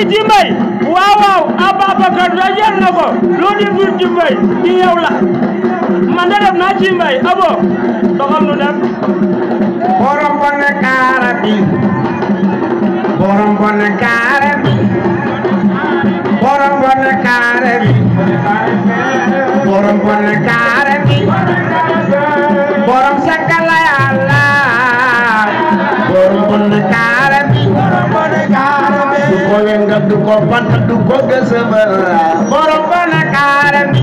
Sidi wow waaw waaw Ababacar da jël na ko loolu mbir ci Mbaye ci yow la man da def naa ci Mbaye abo doxam nu dem borom ko ne kaara borom ko ne kaara borom ko ne kaara borom ko ne borom sakala borom ko ne ko ngeen gaddu ko fàttadu ko gësëmal borom ba nakaara mi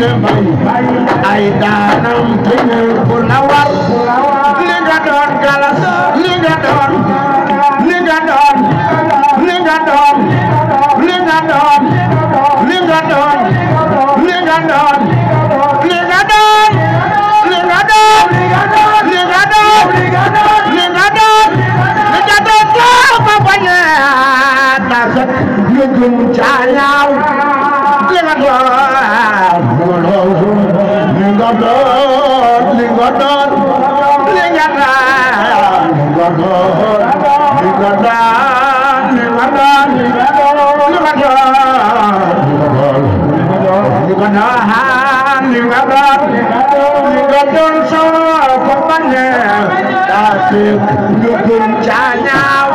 demay ay daanam tinal ku la war li nga doon galas li nga doon li nga doon li nga doon li nga doon li nga doon li nga doon li nga doon li nga doon li nga doon li nga doon li nga doon li nga doon li nga doon ko ma bañe ta sa ñu gum ca yaaw li nga doon nga doon li nga doon li nga daan li nga doon li nga daan li nga daan li nga doon li nga doon li nga daan li nga doon li nga doon soo ko bañee daa fi lu gën caa ñaaw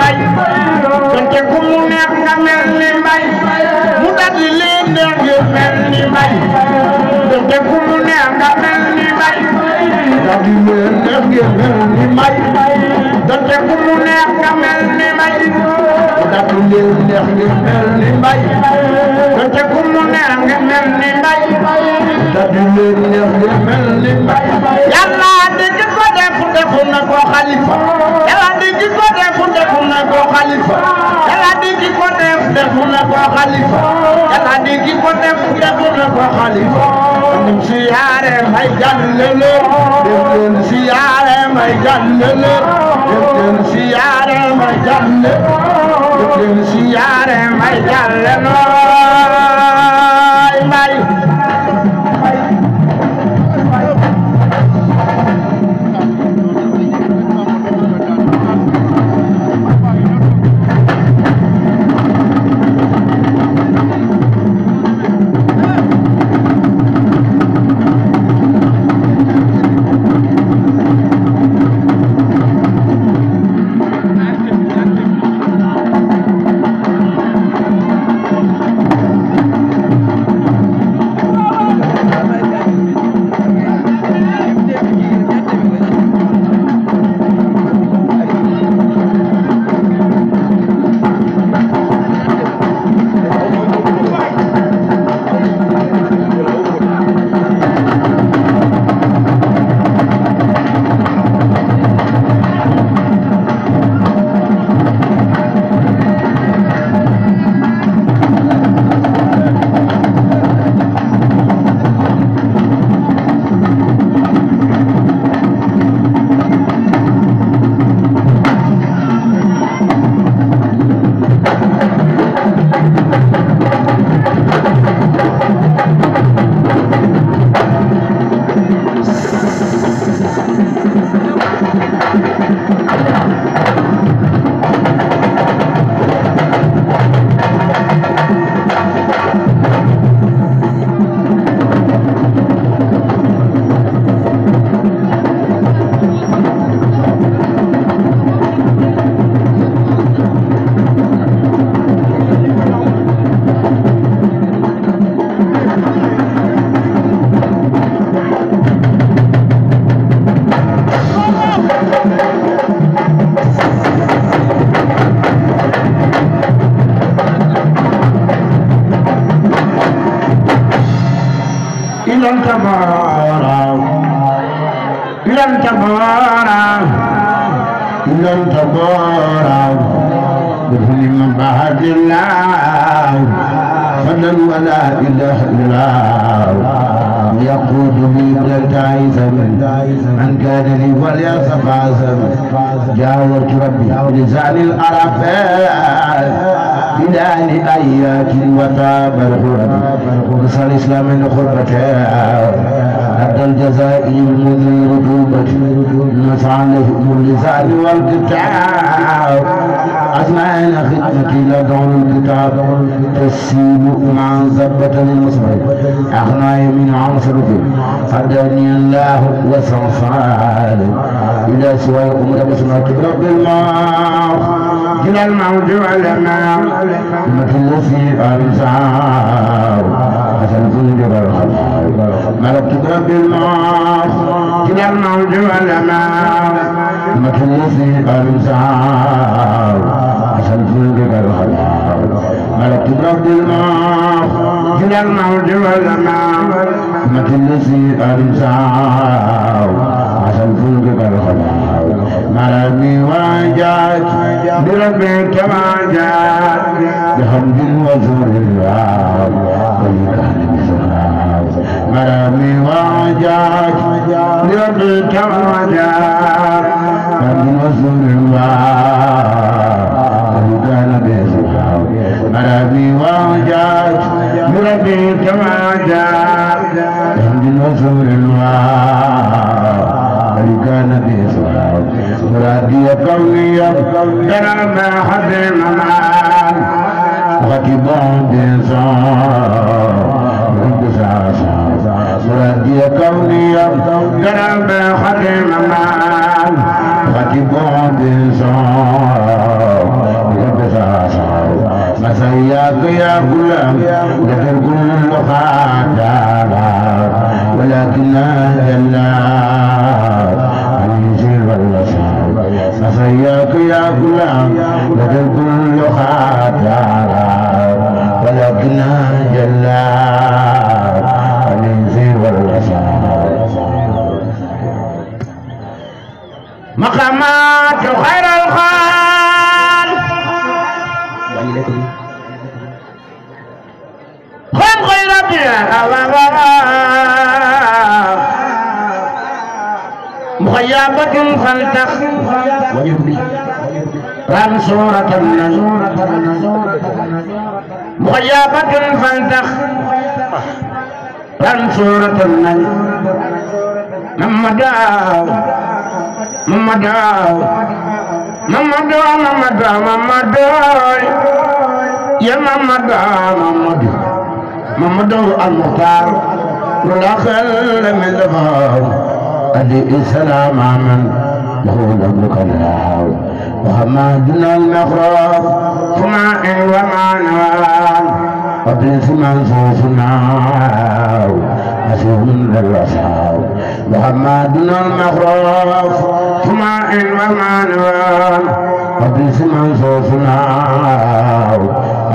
mbay mu ku mu neex nga mel ni mbay mu dal li leen neex ngeen mel ni mbay te ku mu neex nga mel ni mbay dal li leen neex ngeen mel ni mbay te ku mu neex nga mel ni mbay dal li leen neex ngeen mel ni mbay te ku mu neex nga mel ni mbay dal li leen neex ngeen mel ni mbay yàlla dëgg ko defunna ko khalifa yalla dinki ko def defunna ko khalifa yalla dinki ko def defunna ko khalifa yalla dinki ko def defunna ko khalifa dem siyaare may jallele dem siyaare may jallele dem siyaare may jallele dem siyaare may jallele تبارى لن تبارى لن تبارى بكل من بعد الله فضل ولا اله الا الله يقود بي بلداي زمن من كان لي وليصفى زمن جاورت ربي لسان العرفات بلال آيات وثاب الغرب وصل الإسلام الخربة أدى الجزاء المذي ركوبة نسعى لحكم اللسان والقتال أسمعنا خدمتي لدور الكتاب تسيب مع زبة المصبر أغنى من عنصر فداني الله وسنصار إلى سواء أمر بسنة رب المعاصي كلا الموت والماء مثل في أنسار حسن كل ملكت رب الموت كلا الموت والماء مثل في أنسار حسن كل ملكت رب الموت كلا الموت والماء مثل في أنسار حسن كل النبي كما جاء بحمد وزرعا مرامي وعجاك لربي كما جاء بحمد وزرعا وكان بيزرعا مرامي وعجاك لربي كما جاء بحمد وزرعا گانا بے زار سرا دی اکمیاں دراں میں حدن ما وقتی گون بے زار بے زار سرا دی اکمیاں دراں میں حدن ما وقتی گون بے زار لا سی یا تیا گولا و حياك يا غلام لكن كل خاطر ولكن جلا الانزير والوصال مقامات خير الخال خم غيرتي مخيابة خلتخ يبني منصورة نزورة نزورة مغيابة فانتخ منصورة نزورة ممداو ممداو ممداو ممداو ممداو يا ممداو ممداو ممداو المختار ودخل من دفاع أدي السلام من يقول أمرك لا حول وهمادنا المخرج طمع وما نوال وبئس منصوص النار أسير للأصحاب وهمادنا المخرج طمع وما نوال وبئس منصوص النار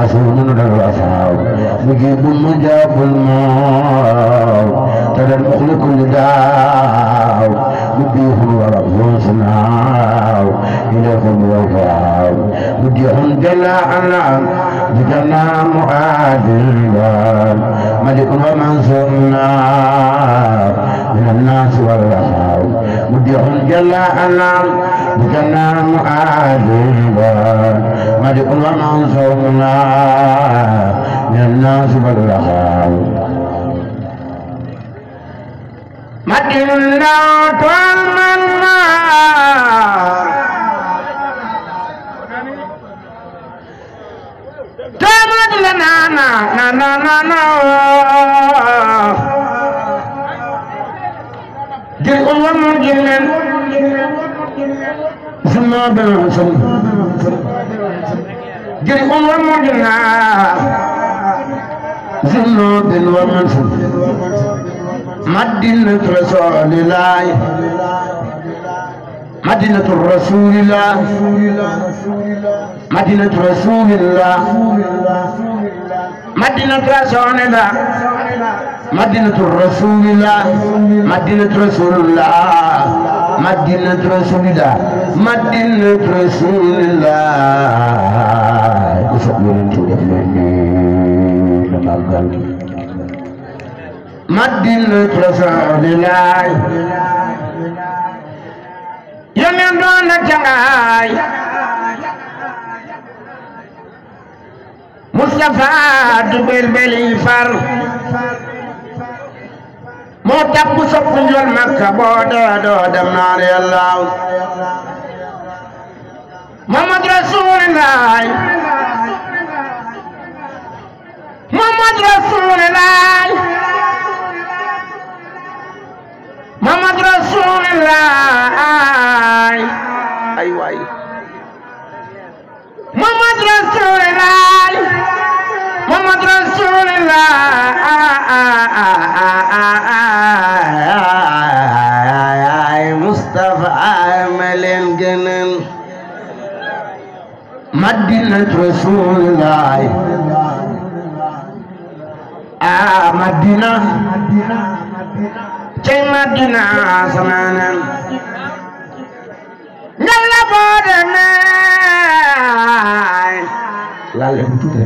أسير للأصحاب مجيب مجاب الموت ترى المخلق لداو بديهم وربوسنا إليكم رجعون بديهم دلعنا بدنا معادلا ملك ومنصورنا من الناس والرحام بديهم دلعنا بدنا معادلا ملك ومنصورنا من الناس والرحام دير نا نانا نانا دير نا نانا نانا جي ان و مون جي نن سناد الحسن جي ان و مون نا مدينة رسول الله مدينة رسول الله مدينة رسول الله مدينة رسول الله مدينة رسول الله مدينة رسول الله مدينة رسول الله مدينة رسول الله مد الفرسان لله يمين دون جناي مصطفى دبل بلي فر moo jàpp raay ay waay Muhammad Rasul raay Muhammad Rasul raay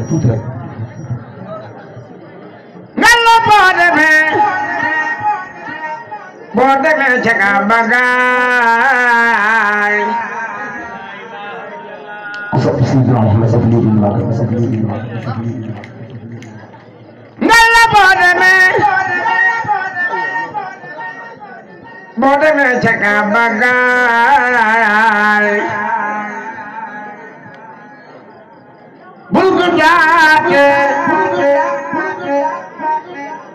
tuuti rek. boo demee boo demee ca Kaaba gaay. ku sopp ca Kaaba gaay. bul ko jaake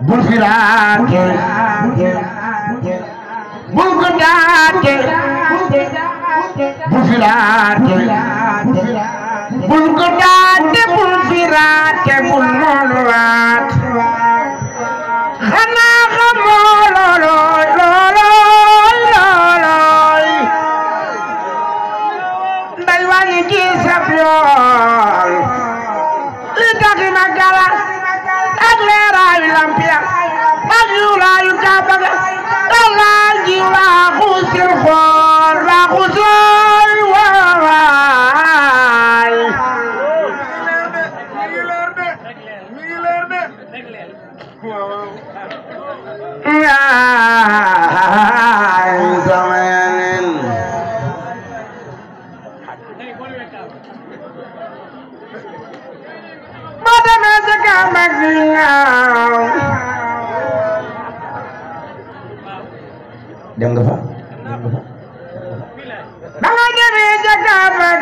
bul firaake bul ko jaake bul firaake bul ko jaake bul firaake bul mool waat xanaa xusaay waay yaay samayalin ma demee ca kàmba gi ñaaw dem nga fa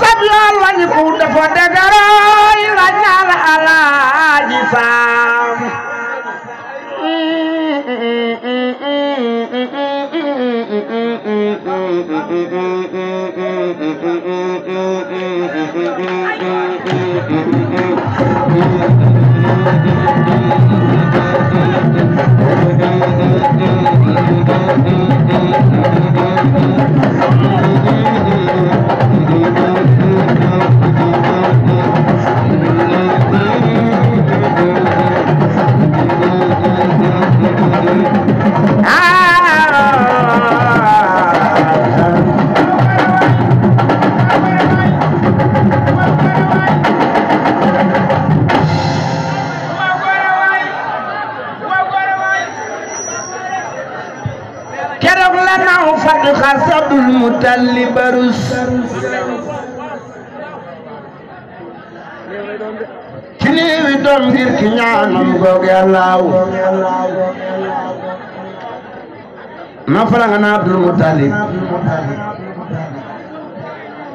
sab yoon wàññiku dafa dëgëray laaj naa Thank you. annahu fad khasabul mutallibarus kini wi dom hir kinyanam allah ma fala ngana abdul mutallib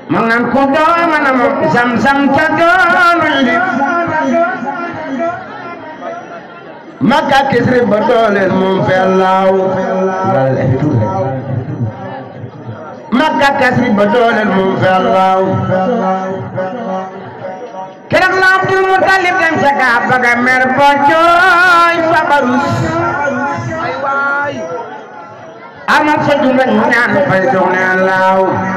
mangan zam zam tagalli maka kisri berdoleh mumpel lau makka kasri ba dooleel mu fi allah keroog la Abdul Mutalib dem ca Kaaba ga mer ba jooy fa barus amat fa jumla ñaan fay doon allah